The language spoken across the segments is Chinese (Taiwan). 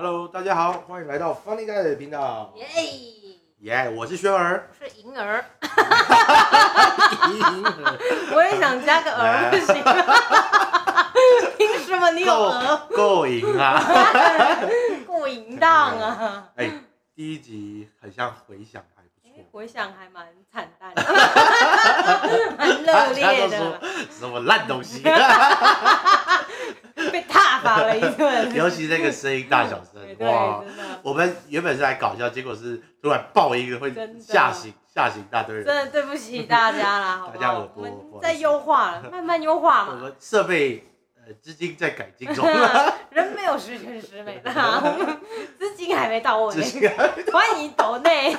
Hello，大家好，歡迎來到 Funny Guy 的頻道。耶，耶，我是軒兒，我是嬰兒， 兒。我也想加個兒不行嗎？憑什麼你有兒？夠淫啊！ 夠淫蕩啊！第一集很像回響，還不錯。回響還蠻慘淡的，哈 哈蠻熱烈的。什麼爛東西？ 被踏倒了一頓， 尤其這個聲音大小聲哇！我們原本是來搞笑，結果是突然爆一個會嚇醒嚇醒一大堆人，真的對不起大家啦，好不好？我們在優化了， 慢慢優化了，我們設備、呃、資金在改進中、啊， 人沒有十全十美的，資金還沒到我，歡迎島內。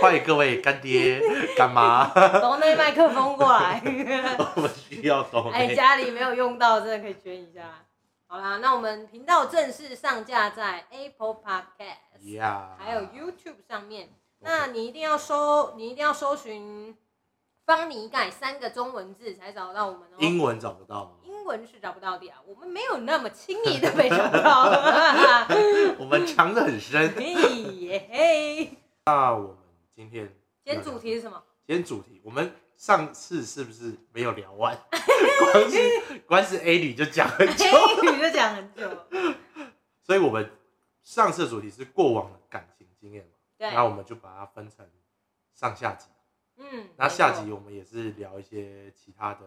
歡迎各位干爹、乾媽，拿 那麥克風過來， 我們需要收。哎，家裡沒有用到，真的可以捐一下。好啦，那我們頻道正式上架在 Apple Podcast，yeah. 還有 YouTube 上面。Okay. 那你一定要搜，你一定要搜尋“幫你改”三個中文字才找到我們哦、喔。英文找不到，英文是找不到的啊。我們沒有那麼輕易的被找到、啊， 我們藏得很深。咦耶嘿，那我。今天，今天主題是什麼？今天主題，我們上次是不是沒有聊完？關關是 A 女就講很久，A 女就講很久。 所以，我們上次主題是過往的感情經驗嘛？對。那我們就把它分成上下集。嗯。那下集我們也是聊一些其他的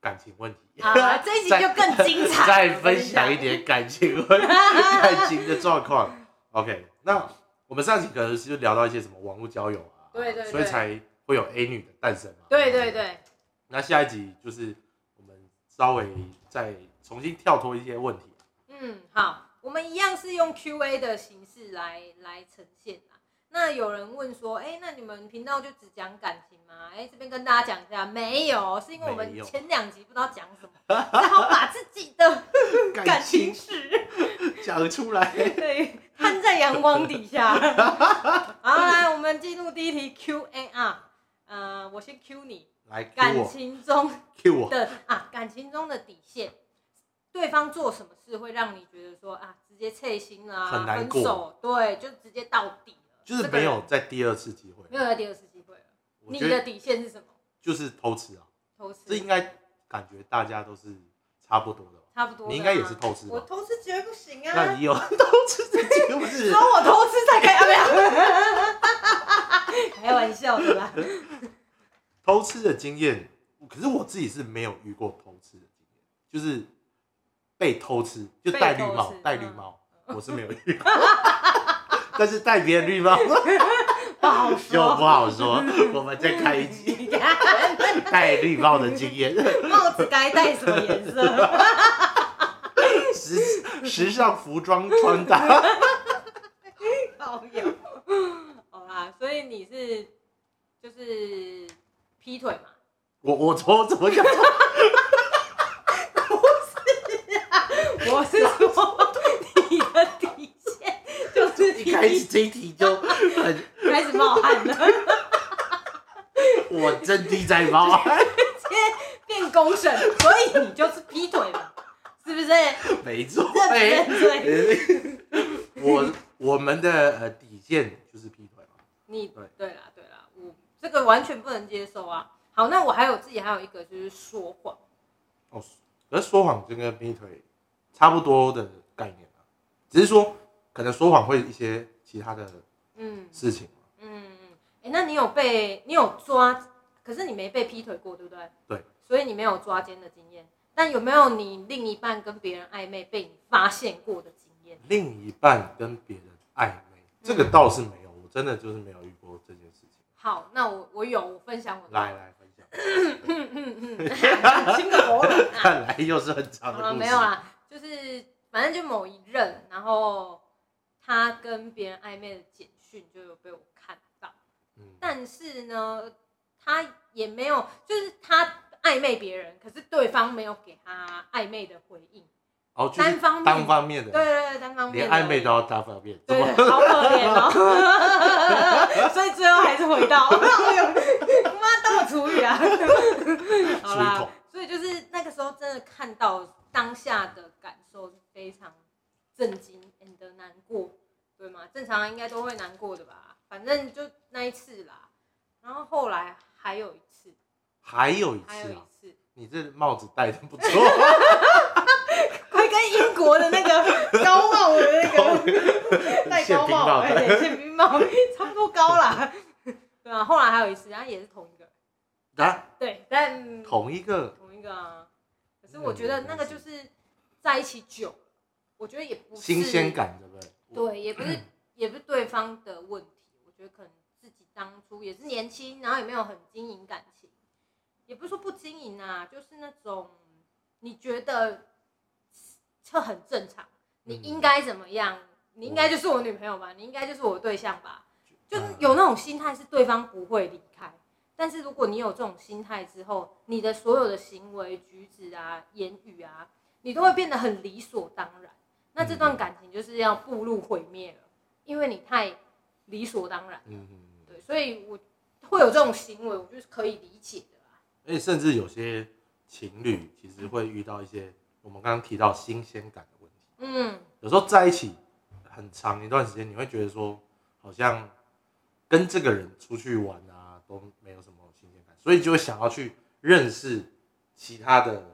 感情問題。好、啊，這一集就更精彩。 再，再分享一點感情問題 感情的狀況。OK，那。我們上集可能是聊到一些什麼網絡交友啊，對對，對，所以才會有 A 女的誕生啊，對對對，對。那下一集就是我們稍微再重新跳脫一些問題啊。嗯，好，我們一樣是用 Q&A 的形式來來呈現啦。那有人問說，哎、欸，那你們頻道就只講感情嗎？哎、欸，這邊跟大家講一下，沒有，是因為我們前兩集不知道講什麼，然後把自己的 感情史講出來，對，攤在陽光底下。 好，來，我們進入第一題 Q&A。R、啊。我先 Q 你，來，感情中 Q 我，的啊，感情中的底線，對方做什麼事會讓你覺得說啊，直接碎心啊，分手，對，就直接到底。就是沒有在第二次機會，沒有在第二次機會，你的底線是什麼？就是偷吃啊！偷吃，這應該感覺大家都是差不多的吧？差不多。你應該也是偷吃吧？偷吃絕對不行啊！那你有偷吃的經驗？不是，說我偷吃才可以啊？沒有，開玩笑的吧？偷吃的經驗，可是我自己是沒有遇過偷吃的經驗，就是被偷吃，就戴綠帽，戴綠帽，我是沒有遇過。但是戴別人綠帽 不，好不好說，不好說。我們再開一集，戴綠帽的經驗 ，帽子該戴什麼顏色？ 時時尚服裝穿搭 好。好有，啊！所以你是就是劈腿嘛？我我抽怎麼講 、啊？我是開始這一題就很開始冒汗了 我真的在冒汗，變公審，所以你就是劈腿嘛，是不是？欸？沒錯、欸， 認不我我們的呃底線就是劈腿嘛，你，你對對啦對啦，我這個完全不能接受啊。好，那我還有自己還有一個就是說謊，哦，而說謊就跟劈腿差不多的概念啊，只是說可能說謊會有一些。其他的事情，嗯嗯，哎、欸，那你有被你有抓，可是你沒被劈腿過，對不對？對，所以你沒有抓奸的經驗。但有沒有你另一半跟別人曖昧被你發現過的經驗？另一半跟別人曖昧、嗯，這個倒是沒有，我真的就是沒有遇過這件事情。好，那我我有我分享我的。來來分享， 新的模樣啊， 看來又是很長的故事、嗯、沒有啦、啊，就是反正就某一任，然後。他跟別人曖昧的簡訊就有被我看到。嗯，但是呢，他也沒有，就是他曖昧別人，可是對方沒有給他曖昧的回應，單、哦就是、方面單方面的，對對對，單方面連曖昧都要單方面，對好可憐哦， 所以最後還是回到，媽當我廚女、哎、啊， 好啦，所以就是那個時候真的看到當下的感受非常震驚。難過，對嗎？正常應該都會難過的吧。反正就那一次啦，然後後來還有一次，還有一次啊？還有一次，你這帽子戴的不錯 ，跟英國的那個高帽的那個戴高帽、欸，戴憲兵帽子， 帽差不多高啦。 對啊，後來還有一次，然後也是同一個，啊？對，但同一個，同一個啊。可是我覺得那個就是在一起久。我覺得也不是新鮮感的，對不對？對，也不是， 也不是對方的問題。我覺得可能自己當初也是年輕，然後也沒有很經營感情，也不是說不經營啊，就是那種你覺得這很正常，你應該怎麼樣？嗯、你應該就是我女朋友吧？你應該就是我的對象吧、嗯？就是有那種心態，是對方不會離開。但是如果你有這種心態之後，你的所有的行為舉止啊、言語啊，你都會變得很理所當然。那這段感情就是要步入毀滅了、嗯，因為你太理所當然了、嗯，對，所以我會有這種行為，我就是可以理解的啦。而且甚至有些情侶其實會遇到一些、嗯、我們剛剛提到新鮮感的問題。嗯，有時候在一起很長一段時間，你會覺得說好像跟這個人出去玩啊都沒有什麼新鮮感，所以就會想要去認識其他的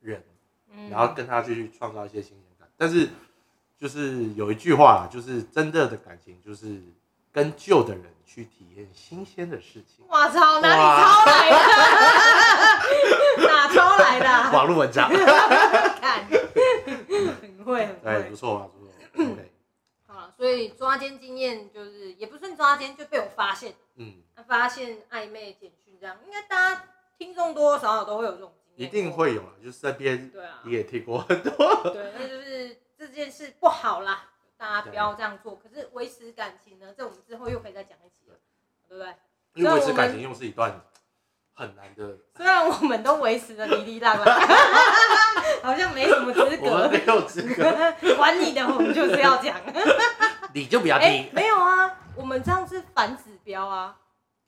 人，嗯、然後跟他去去創造一些新鮮。但是，就是有一句話，就是真的的感情，就是跟舊的人去體驗新鮮的事情。哇操，哪裡抄來的？ 哪抄來的、啊？網絡文章。 看，很會，很會對。不錯，不錯、 OK。好，所以抓奸經驗就是，也不算抓奸，就被我發現。嗯。發現曖昧簡訊這樣，應該大家聽眾多多少少都會有這種。一定會有，就是身邊你也提過很多對、啊 對。對，那就是這件事不好啦，大家不要這樣做。可是維持感情呢，這我們之後又可以再講一次，對不對？因為維持感情又是一段很難的。雖然我們都維持的起立浪吧，好像沒什麼資格。我沒有資格，管 你的，我們就是要講。 你就不要聽。沒有啊，我們這樣是反指標啊。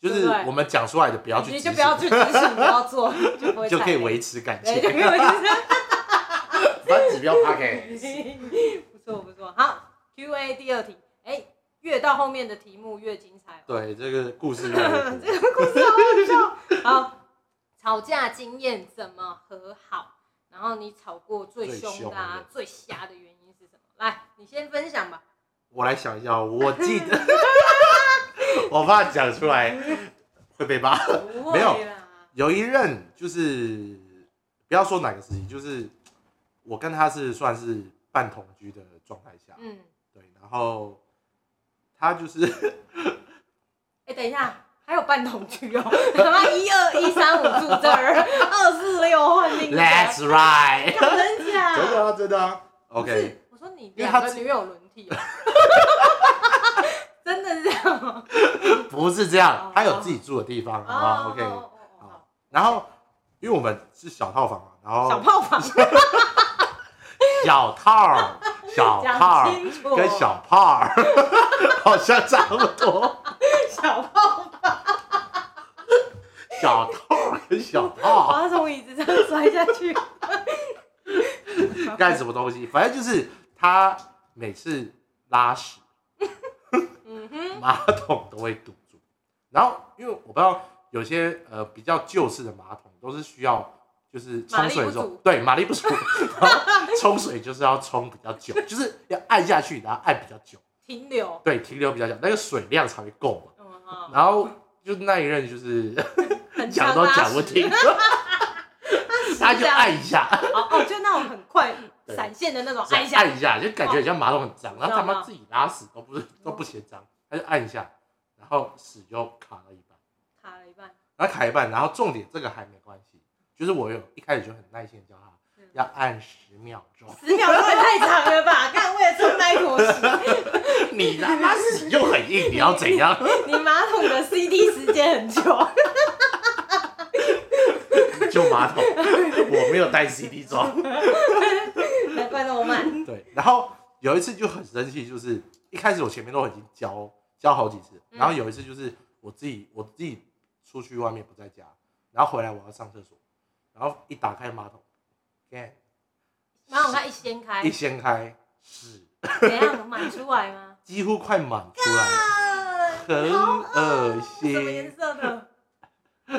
就是我們講出來的，不要去你就不要去想， 不要做，就,會就可以維持感情。反 要他、欸、不錯不錯。好，Q&A 第二題，哎、欸，越到後面的題目越精彩。對，這個故事越越， 這個故事好,好, 好吵架經驗怎麼和好？然後你吵過最凶的,、啊、的、最瞎的原因是什麼？來，你先分享吧。我來想一下、喔，我記得， 我怕講出來會被罵。沒有，有一任就是，不要說哪個事情，就是我跟他是算是半同居的狀態下，嗯，對，然後他就是、欸，等一下，還有半同居哦？喔，什麼一二一三五住這兒，二四六換另，That's right，真的真的啊，真的啊，OK。 我說你兩個女友輪。 真的是這樣嗎？不是這樣，他有自己住的地方啊。OK，然後因為我們是小套房嘛，然後小套房， 小套兒，小套跟小泡兒，好像差不多。小泡房，小套跟小泡好像，他從椅子上摔下去， 幹什麼東西？反正就是他。每次拉屎，馬桶都會堵住。然後，因為我不知道有些呃比較舊式的馬桶都是需要就是沖水的時候，對，馬力不足，沖水就是要沖比較久， 就是要按下去，然後按比較久，停留，對，停留比較久，那個水量才會夠嘛，嗯哦。然後就那一任就是講 都講不聽。他就按一下， 哦哦，就那種很快閃、嗯、現的那種按，按一下，就感覺好像馬桶很髒，然後他媽自己拉屎、嗯，都不是都不嫌髒，他就按一下，然後屎就卡了一半，卡了一半，然後卡一半，然後重點這個還沒關係，就是我有一開始就很耐心教他、嗯、要按十秒鐘，十秒鐘也太長了吧？幹為了這麼一坨屎， 你拉屎又很硬，你要怎樣？ 你,你馬桶的 C D 時間很久。就馬桶，我沒有帶 CD 裝，還怪那麼慢。對，然後有一次就很生氣，就是一開始我前面都已經教教好幾次、嗯，然後有一次就是我自己我自己出去外面不在家，然後回來我要上廁所，然後一打開馬桶，然後馬桶他一掀開，一掀開，是，怎樣滿出來嗎？幾乎快滿出來了，很噁心，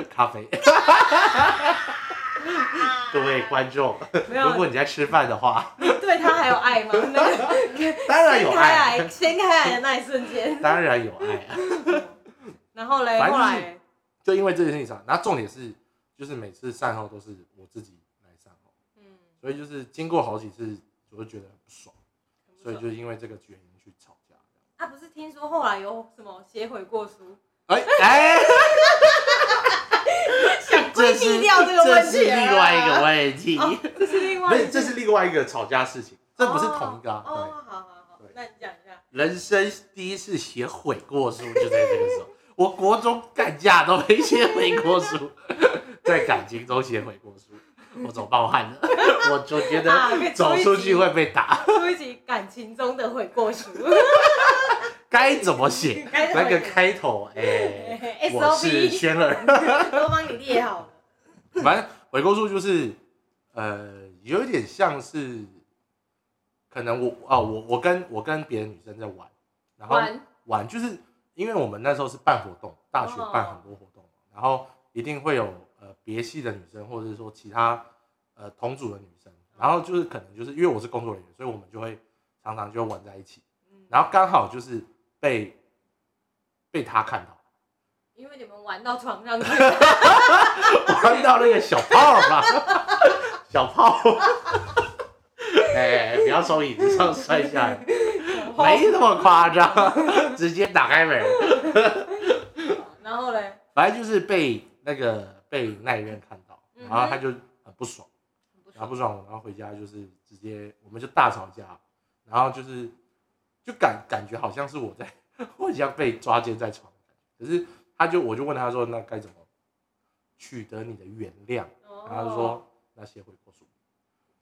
咖啡 各位觀眾，如果你在吃飯的話，對他還有愛嗎、 那個？當然有愛、啊，先開來 的那一瞬間，當然有愛、啊、 然後呢，後來就因為這件事情，然後重點是，就是每次善後都是我自己來善後、嗯，所以就是經過好幾次，我會覺得很不爽、很不爽，所以就是因為這個原因去吵架。他、啊、不是聽說後來有什麼寫悔過書？哎、欸、哎。欸 想掉這個問題啊，這是這是另外一個問題，哦，這是另外，不是這是另外一個吵架事情，這不是同一個。哦，哦好好好，那你講一下。人生第一次寫悔過書就在這個時候， 我國中幹架都沒寫悔過書， 在感情中寫悔過書，我總冒汗了， 我我覺得走出去會被打。啊，出一集感情中的悔過書，該 怎麼寫？那個開頭哎。我是軒爾，都幫你列好了。 反正偽勾數就是，呃，有一點像是，可能我啊、哦，我我跟我跟別的女生在玩，然後玩就是，因為我們那時候是辦活動，大學辦很多活動，哦、然後一定會有呃別系的女生，或者是說其他呃同組的女生，然後就是可能就是因為我是工作人員，所以我們就會常常就玩在一起，然後剛好就是被被他看到。因為你們玩到床上去 玩到那個小泡了，小泡，哎，不要從椅子上摔下來，沒那麼誇張，直接打開門。 然後嘞，反正就是被那個被那一邊看到，然後他就很不爽，然後不爽然後回家就是直接我們就大吵架，然後就是就感感覺好像是我在，我好像被抓奸在床，可是。他就我就問他說：“那該怎麼取得你的原諒？” oh. 然後他說：“那寫悔過書。”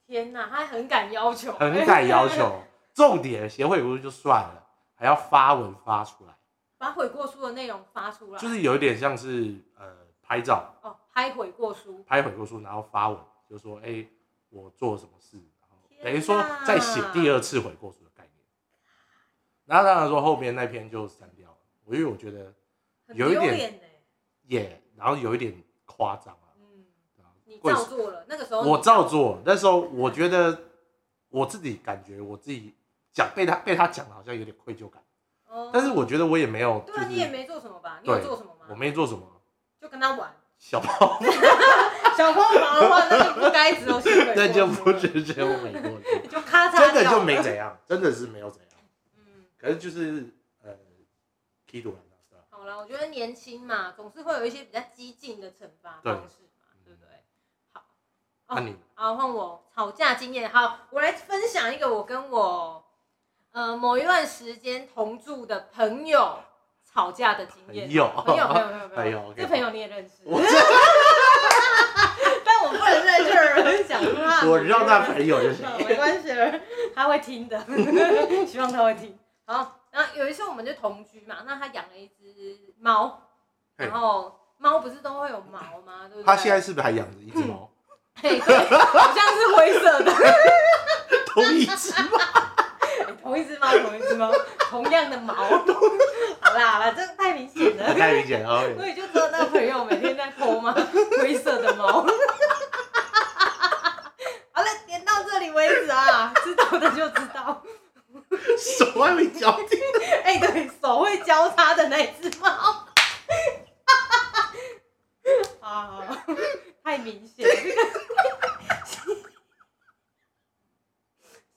天哪，他很敢要求，很敢要求。 重點寫悔過書就算了，還要發文發出來，把悔過書的內容發出來，就是有一點像是呃拍照哦，oh, 拍悔過書，拍悔過書，然後發文，就說：“哎，我做了什麼事？”等於說再寫第二次悔過書的概念。 然後當然說後面那篇就刪掉了，我因為我覺得。有一點，也，然後有一點誇張啊。嗯，你照做了，那個時候我照做，那時候我覺得我自己感覺我自己講被他被他講，好像有點愧疚感。哦，但是我覺得我也沒有、就是，對，你也沒做什麼吧？你有做什麼嗎？我沒做什麼，就跟他玩小。 小泡，小泡，忙的話那就不該只有性。就咔嚓，真的就沒怎樣，真的是沒有怎樣。嗯，可是就是呃，K 我覺得年輕嘛，總是會有一些比較激進的懲罰方式嘛，對不對,對,對？好，那你好，換、oh, 我、oh, 吵架經驗。好，我來分享一個我跟我呃某一段時間同住的朋友吵架的經驗。有，有，有，有，有，有。哎呦，朋朋 okay, 這朋友你也認識？ 但我不能在這兒講話。 我讓他朋友就行，沒關係，他會聽的，希望他會聽。好。然後有一次我們就同居嘛，那他養了一隻貓，然後貓不是都會有毛嗎？對對，他現在是不是還養着一隻貓，嗯？好像是灰色的同一隻貓，同一隻貓，同一隻貓，同樣的毛，好啦，好啦，這個太明顯了，太明顯了，所以就說那個朋友每天在偷嗎灰色的貓。好了，點到這裡為止啊，知道的就知道。手會交疊，哎、欸，對，手會交叉的那隻貓，啊， 太明顯了，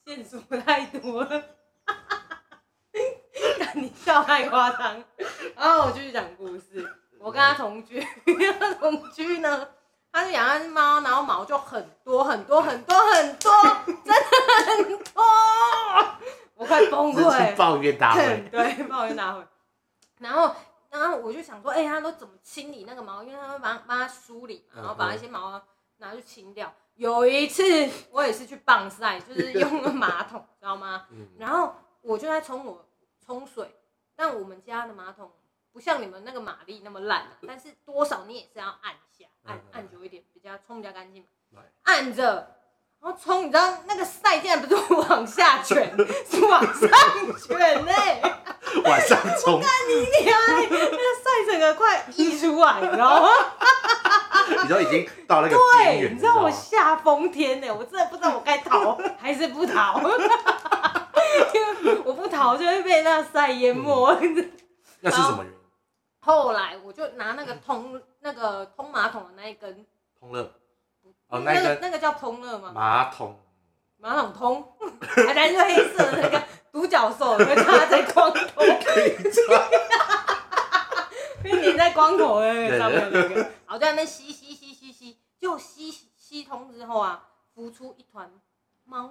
這個線索太多了，哈 但你笑太誇張，然後我繼續講故事，我跟他同居，跟 他 同居呢，他就養了隻貓，然後毛就很多很多很多很多，真的很多。我快崩潰！抱怨大會，對，抱怨大會。 然後，然後我就想說，哎、欸，他都怎麼清理那個毛？因為他會幫幫他,他梳理嘛，然後把那些毛拿去清掉。有一次，我也是去棒賽，就是用個馬桶， 知道嗎？然後我就在沖我沖水，但我們家的馬桶不像你們那個馬力那麼爛、啊，但是多少你也是要按一下，按 按久一點，比較沖比較乾淨 按着。然後沖，你知道那個塞竟然不是往下卷， 是往上卷，哎、欸，往 晚上沖 我你， 那你你那塞整個快溢出來，了， 你知道已經到了個邊緣，你知道對，你知道我下風天呢、欸， 我真的不知道我該逃 還是不逃， 因為我不逃就會被那塞淹沒、嗯。 那是什麼人？後來我就拿那個通、嗯、那個通馬桶的那一根通了，哦那，那一根。馬桶，馬桶通，還在黑色的， 的，在 在的那個獨角獸，還在光頭，哈哈哈哈哈在光頭哎，上面那個，在那邊吸吸吸吸吸，就吸吸，吸通之後啊，浮出一團貓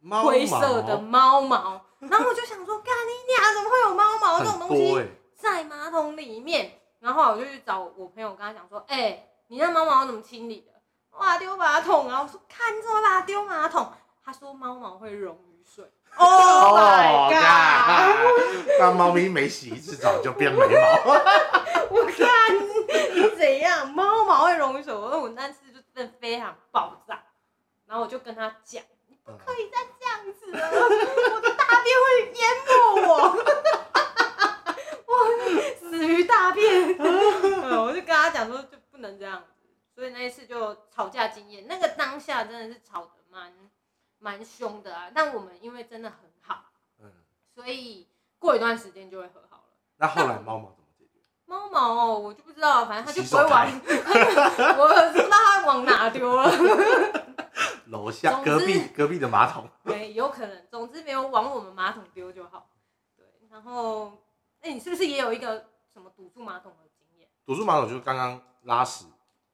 毛，灰色的貓毛，然後我就想說，幹你娘怎麼會有貓毛這種東西在馬桶裡面？然後我就去找我朋友，跟他講說，哎、欸，你那貓毛怎麼清理的？哇！丟馬桶啊！我說，看這怎麼丟馬桶。他說，貓毛會溶於水。Oh my God! 那貓咪每洗一次澡就變沒毛。 我看你怎樣？貓毛會溶於水。我那次就真的非常爆炸。然後我就跟他講，你不可以再這樣子了。 有吵架經驗，那個當下真的是吵得蠻蠻兇的啊！但我們因為真的很好，嗯，所以過一段時間就會和好了。嗯、那後來貓毛怎麼解決？貓毛、喔、我就不知道，反正他就不會玩， 我不知道他往哪丟了，樓下隔壁隔壁的馬桶，對，有可能，總之沒有往我們馬桶丟就好。對，然後，哎、欸，你是不是也有一個什麼堵住馬桶的經驗？堵住馬桶就是剛剛拉屎。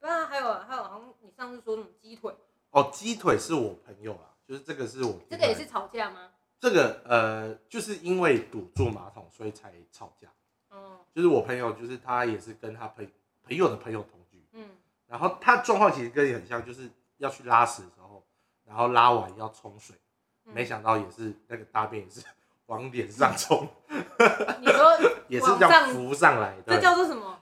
啊，還有還有，好像你上次說什麼雞腿哦，雞腿是我朋友啦，就是這個是我這個也是吵架嗎？這個呃，就是因為堵住馬桶，所以才吵架。嗯，就是我朋友，就是他也是跟他朋朋友的朋友同居，嗯，然後他狀況其實跟你很像，就是要去拉屎的時候，然後拉完要沖水，嗯，沒想到也是那個大便也是往臉上沖，嗯、 你說也是這樣浮上來的。這叫做什麼？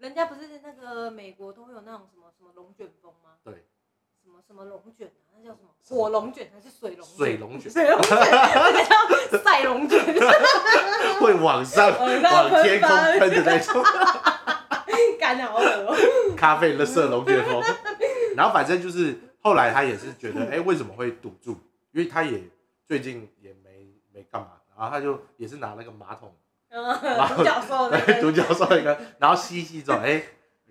人家不是那個美國都會有那種什麼什麼龍捲風嗎？對，什麼什麼龍捲啊？那叫什麼？火龍捲還是水龍？水龍捲 龍捲，水龍捲，那叫曬龍捲，會往上，往，上噴往天空噴的那種，干擾好哦、喔！咖啡色龍捲風。然後反正就是後來他也是覺得，哎、欸，為什麼會堵住？因為他也最近也沒沒幹嘛，然後他就也是拿那個馬桶。嗯， 獨 角獸的，對，獨角獸一個，然後西之說，哎，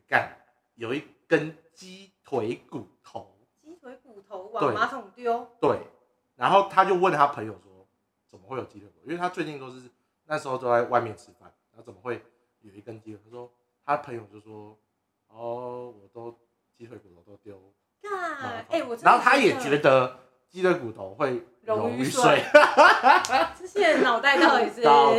幹，有一根雞腿骨頭，雞腿骨頭往馬桶丟，對，對，然後他就問他朋友說，怎麼會有雞腿骨頭？因為他最近都是那時候都在外面吃飯，然後怎麼會有一根雞腿？他說，他朋友就說，哦，我都雞腿骨頭都丟，幹，哎，我，然後他也覺得。雞的骨頭會溶於水， 這些腦袋到底是裝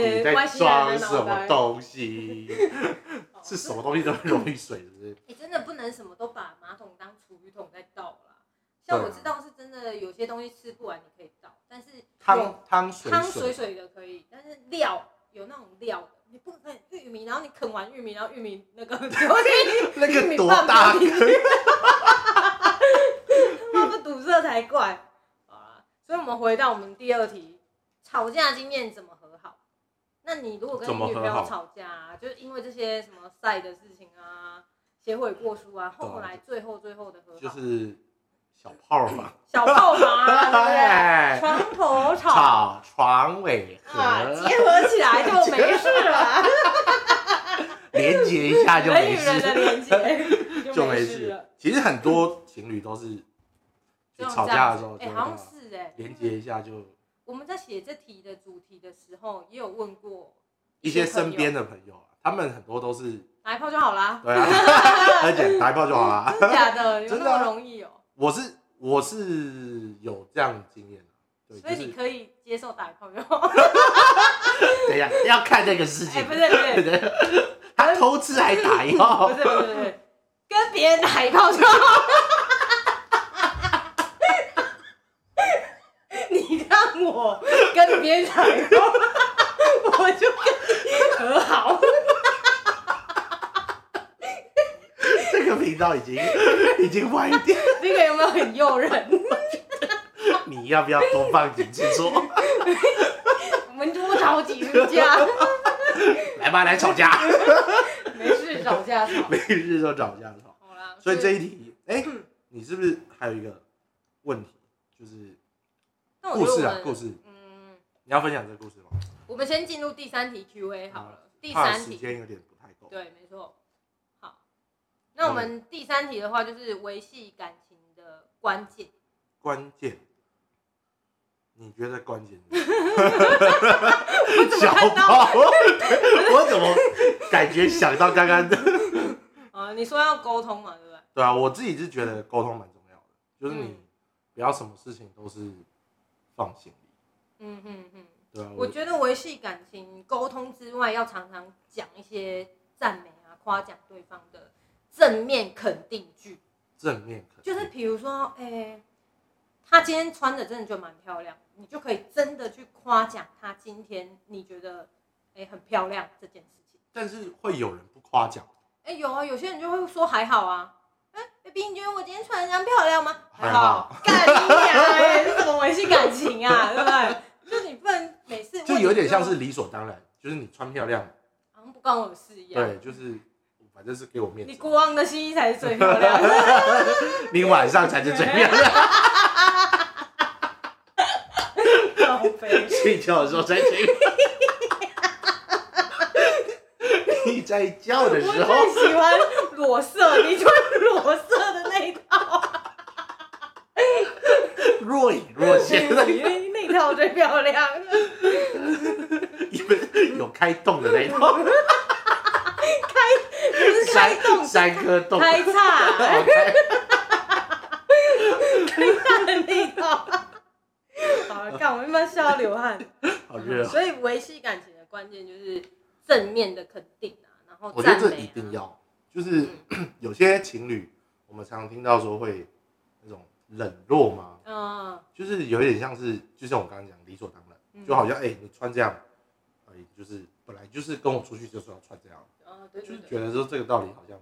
什麼東西？ 是什麼東西都會溶於水，是不是？你、欸，真的不能什麼都把馬桶當儲魚桶在倒了啦。像我知道是真的，有些東西吃不完你可以倒，但是湯湯水水、水水的可以，但是料有那種料的，你不玉米，然後你啃完玉米，然後玉米那個東西， 那個多大個？哈哈哈哈，不堵塞才怪。所以，我們回到我們第二題，吵架經驗怎麼和好？那你如果跟你女朋友吵架，啊，就是因為這些什麼賽的事情啊，寫悔過書啊，後來最後最後的和好，就是小炮嘛，小炮嘛， 對不對？床頭吵吵，床尾和，啊，結合起來就沒事了， 連接一下就沒事，連 接就沒事了。其實很多情侶都是。吵架的時候，哎、欸，好像是哎、欸，連接一下就。我們在寫這題的主題的時候，也有問過一。一些身邊的朋友，他們很多都是。打一炮就好啦。對啊。 而且打一炮就好啦 真假的有那麼容易哦、喔啊。我是我是有這樣經驗的、就是。所以你可以接受打一炮。 等一下，要看這個事情、欸。不對不對對。他偷吃還打一炮。嗯、 不對不對不，不是，跟別人打一炮就好。 別講！我就跟和好。這個頻道已經已經歪掉。那個有沒有很誘人 ？你要不要多放幾次說我們多吵幾次架。來吧，來吵架。 沒事，吵架吵。沒事就吵架吵好。好，所以這一題，哎、欸，嗯、你是不是還有一個問題，就是故事啊，故事。你要分享這個故事嗎？我們先進入第三題 Q&A 好了。第三題時間有點不太夠。對，沒錯。好，那我們第三題的話就是維繫感情的關鍵。關鍵？你覺得關鍵？ 小寶， 我怎麼感覺想到剛剛的 啊，你說要溝通嘛，對不對？對啊，我自己是覺得溝通蠻重要的，就是你不要什麼事情都是放心。嗯嗯嗯，對啊，我。我覺得維繫感情溝通之外，要常常講一些讚美啊、誇獎對方的正面肯定句。正面肯定就是比如說，誒、欸，他今天穿的真的就蠻漂亮，你就可以真的去誇獎他今天你覺得，誒、欸，很漂亮這件事情。但是會有人不誇獎？誒、欸，有啊，有些人就會說還好啊，誒、欸，冰，你覺得我今天穿的這樣漂亮嗎？還好，幹你啊，哎、欸，這 怎麼維繫感情啊？ 對不對？就你不能每次就，就有點像是理所當然，就是你穿漂亮，嗯、好像不關我的事一樣。對，就是反正是給我面子這樣子。你國王的新衣才是最漂亮，你 晚上才是最漂亮。睡覺的時候最亮。 寶貝 你在叫的時候，喜 你喜歡裸色，你穿裸。你 們有開洞的那一套 開三洞，三顆洞，開叉，開叉 的那一套，好了，幹，我們一般笑到流汗， 好熱。所以維繫感情的關鍵就是正面的肯定啊，然後、啊、我覺得這一定要，就是、嗯、有些情侶我們常常聽到說會那種冷落嗎？嗯，就是有一點像是，就像我剛剛講，理所當然，嗯、就好像哎、欸，你穿這樣，就是本來就是跟我出去就是要穿這樣，嗯、對，對，對，就是覺得說這個道理好像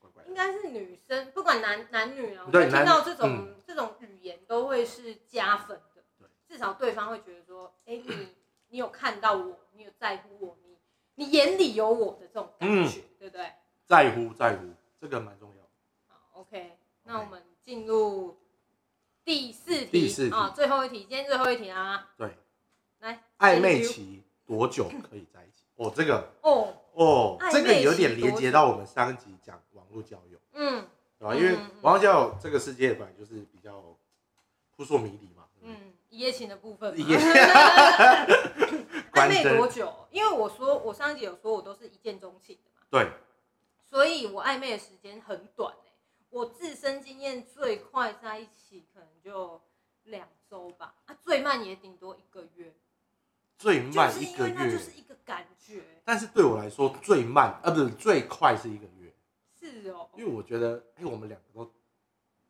怪怪的，應該是女生不管男男女啊，對我聽到這種、嗯、這種語言都會是加分的，對，至少對方會覺得說，哎、欸，你你有看到我，你有在乎我，你你眼裡有我的這種感覺，嗯、對不對？在乎在乎，這個蠻重要。好，OK，那我們進入、okay.。第四題啊、哦，最後一題，今天最後一題啊。對，來，曖昧期多久可以在一起？ 哦，這個哦哦，這個有點連接到我們上一集講網絡交友，嗯，啊、嗯嗯，因為網絡交友這個世界本來就是比較撲朔迷離嘛，嗯，一夜情的部分嘛。曖 昧多久？因為我說我上一集有說我都是一見鍾情的嘛，對，所以我曖昧的時間很短。我自身經驗，最快在一起可能就兩周吧，啊，最慢也頂多一個月，最慢一個月，就是，就是一個感覺。但是對我來說最慢啊，不是最快是一個月，是哦，喔，因為我覺得，因，欸，為我們兩個都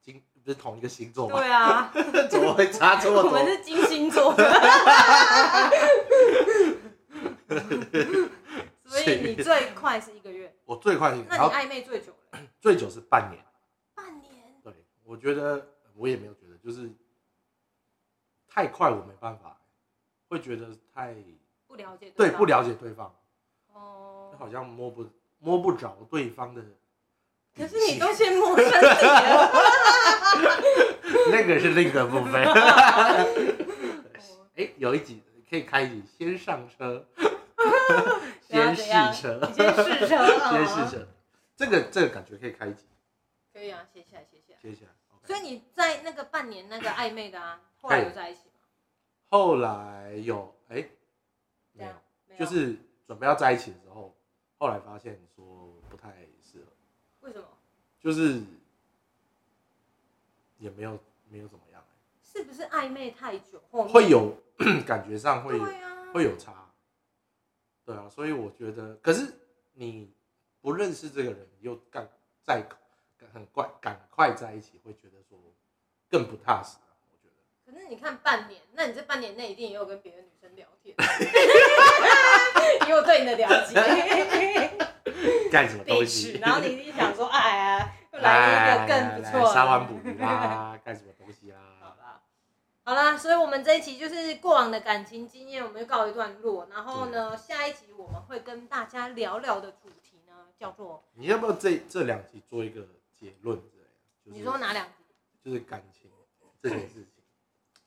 金不是同一個星座嗎？對啊， 怎麼會差這麼多？我們是金星座， 所以你最快是一個月，我最快是，那你曖昧最久了？最久是半年。我覺得我也沒有覺得，就是太快，我沒辦法，會覺得太不了解、對不了解對方哦，方 oh. 好像摸不摸不着對方的，可是你都先陌生。了，那個是那個部分。哎，有一集可以開一集，先上車， 先試車，先試車，先試車，這個這個感覺可以開一集。可以啊，謝謝謝謝謝謝。所以你在那個半年那個曖昧的啊，後來有在一起嗎？後來有哎、欸，這樣沒有，就是準備要在一起的時候，後來發現說不太適合。為什麼？就是也沒有沒有怎麼樣、欸、是不是曖昧太久後會有感覺上會有、啊、會有差？對啊，所以我覺得，可是你不認識這個人又幹再搞。很快，趕快在一起會覺得說更不踏實、啊、我覺得。可是你看半年，那你這半年內一定也有跟別的女生聊天， 以我對你的了解，幹 什麼東西？然後你一想說， 哎呀，又來了一個更不錯，撒網捕魚啦，幹、啊、 什麼東西、啊、好好啦？好了，好，所以我們這一期就是過往的感情經驗，我們就告一段落。然後呢，下一集我們會跟大家聊聊的主題呢，叫做你要不要這這兩集做一個？結論、就是，你說哪兩？就是感情這件事情。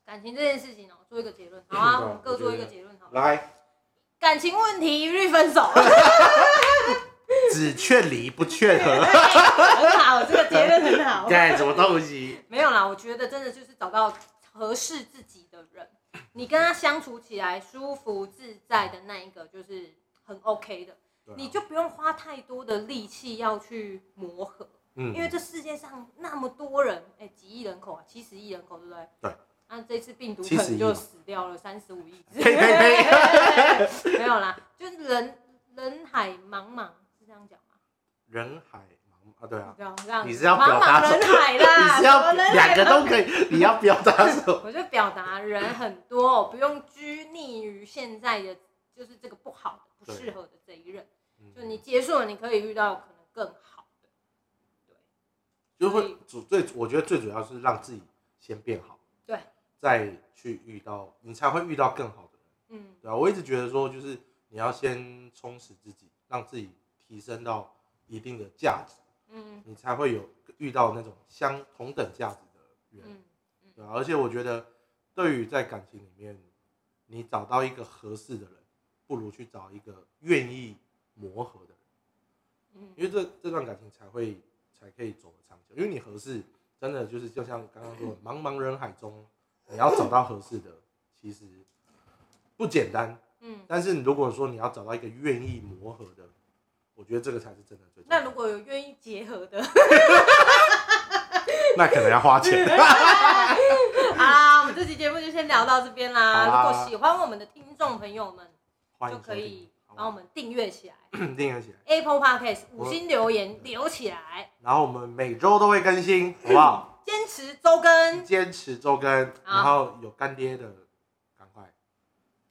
感情這件事情哦、喔，做一個結論，好啊，我們各做一個結論，好。來，感情問題一律分手。 只勸離不勸合，很好，這個結論很好。看 怎麼湊齊。沒有啦，我覺得真的就是找到合適自己的人，你跟他相處起來舒服自在的那一個，就是很 OK 的、啊，你就不用花太多的力氣要去磨合。因為這世界上那麼多人，哎、欸，幾億人口啊，七十億人口，對不對？對。那、啊、這次病毒可能就死掉了三十五億隻。沒有啦，就是人人海茫茫，是這樣講嗎？人海茫茫，啊，對啊。這樣。你是要表達茫茫人海啦，兩 個都可以。你要表達什麼？ 我就表達人很多，不用拘泥於現在的，就是這個不好、不適合的這一任。就你結束了，你可以遇到可能更好。就是主最，我覺得最主要是讓自己先變好，對，再去遇到你才會遇到更好的人，嗯，對啊，我一直覺得說，就是你要先充實自己，讓自己提升到一定的價值，嗯，你才會有遇到那種相同等價值的人，嗯，對啊，而且我覺得對於在感情裡面，你找到一個合適的人，不如去找一個願意磨合的人，嗯，因為這這段感情才會才可以走。因為你合適，真的就是就像剛剛說的，茫茫人海中你要找到合適的，其實不簡單。嗯，但是你如果說你要找到一個願意磨合的，我覺得這個才是真的，的。最，那如果有願意結合的 那可能要花錢。 好啦，我們這期節目就先聊到這邊啦，啦。如果喜歡我們的聽眾朋友們，嗯，就可以。幫我們訂閱起來，訂閱 起來，Apple Podcast 五星留言留起來。然後我們每周都會更新，好不好？嗯、堅持周更，堅持周更。然後有乾爹的，趕快。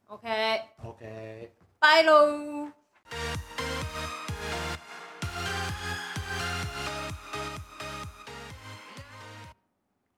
OK，OK，拜嘍。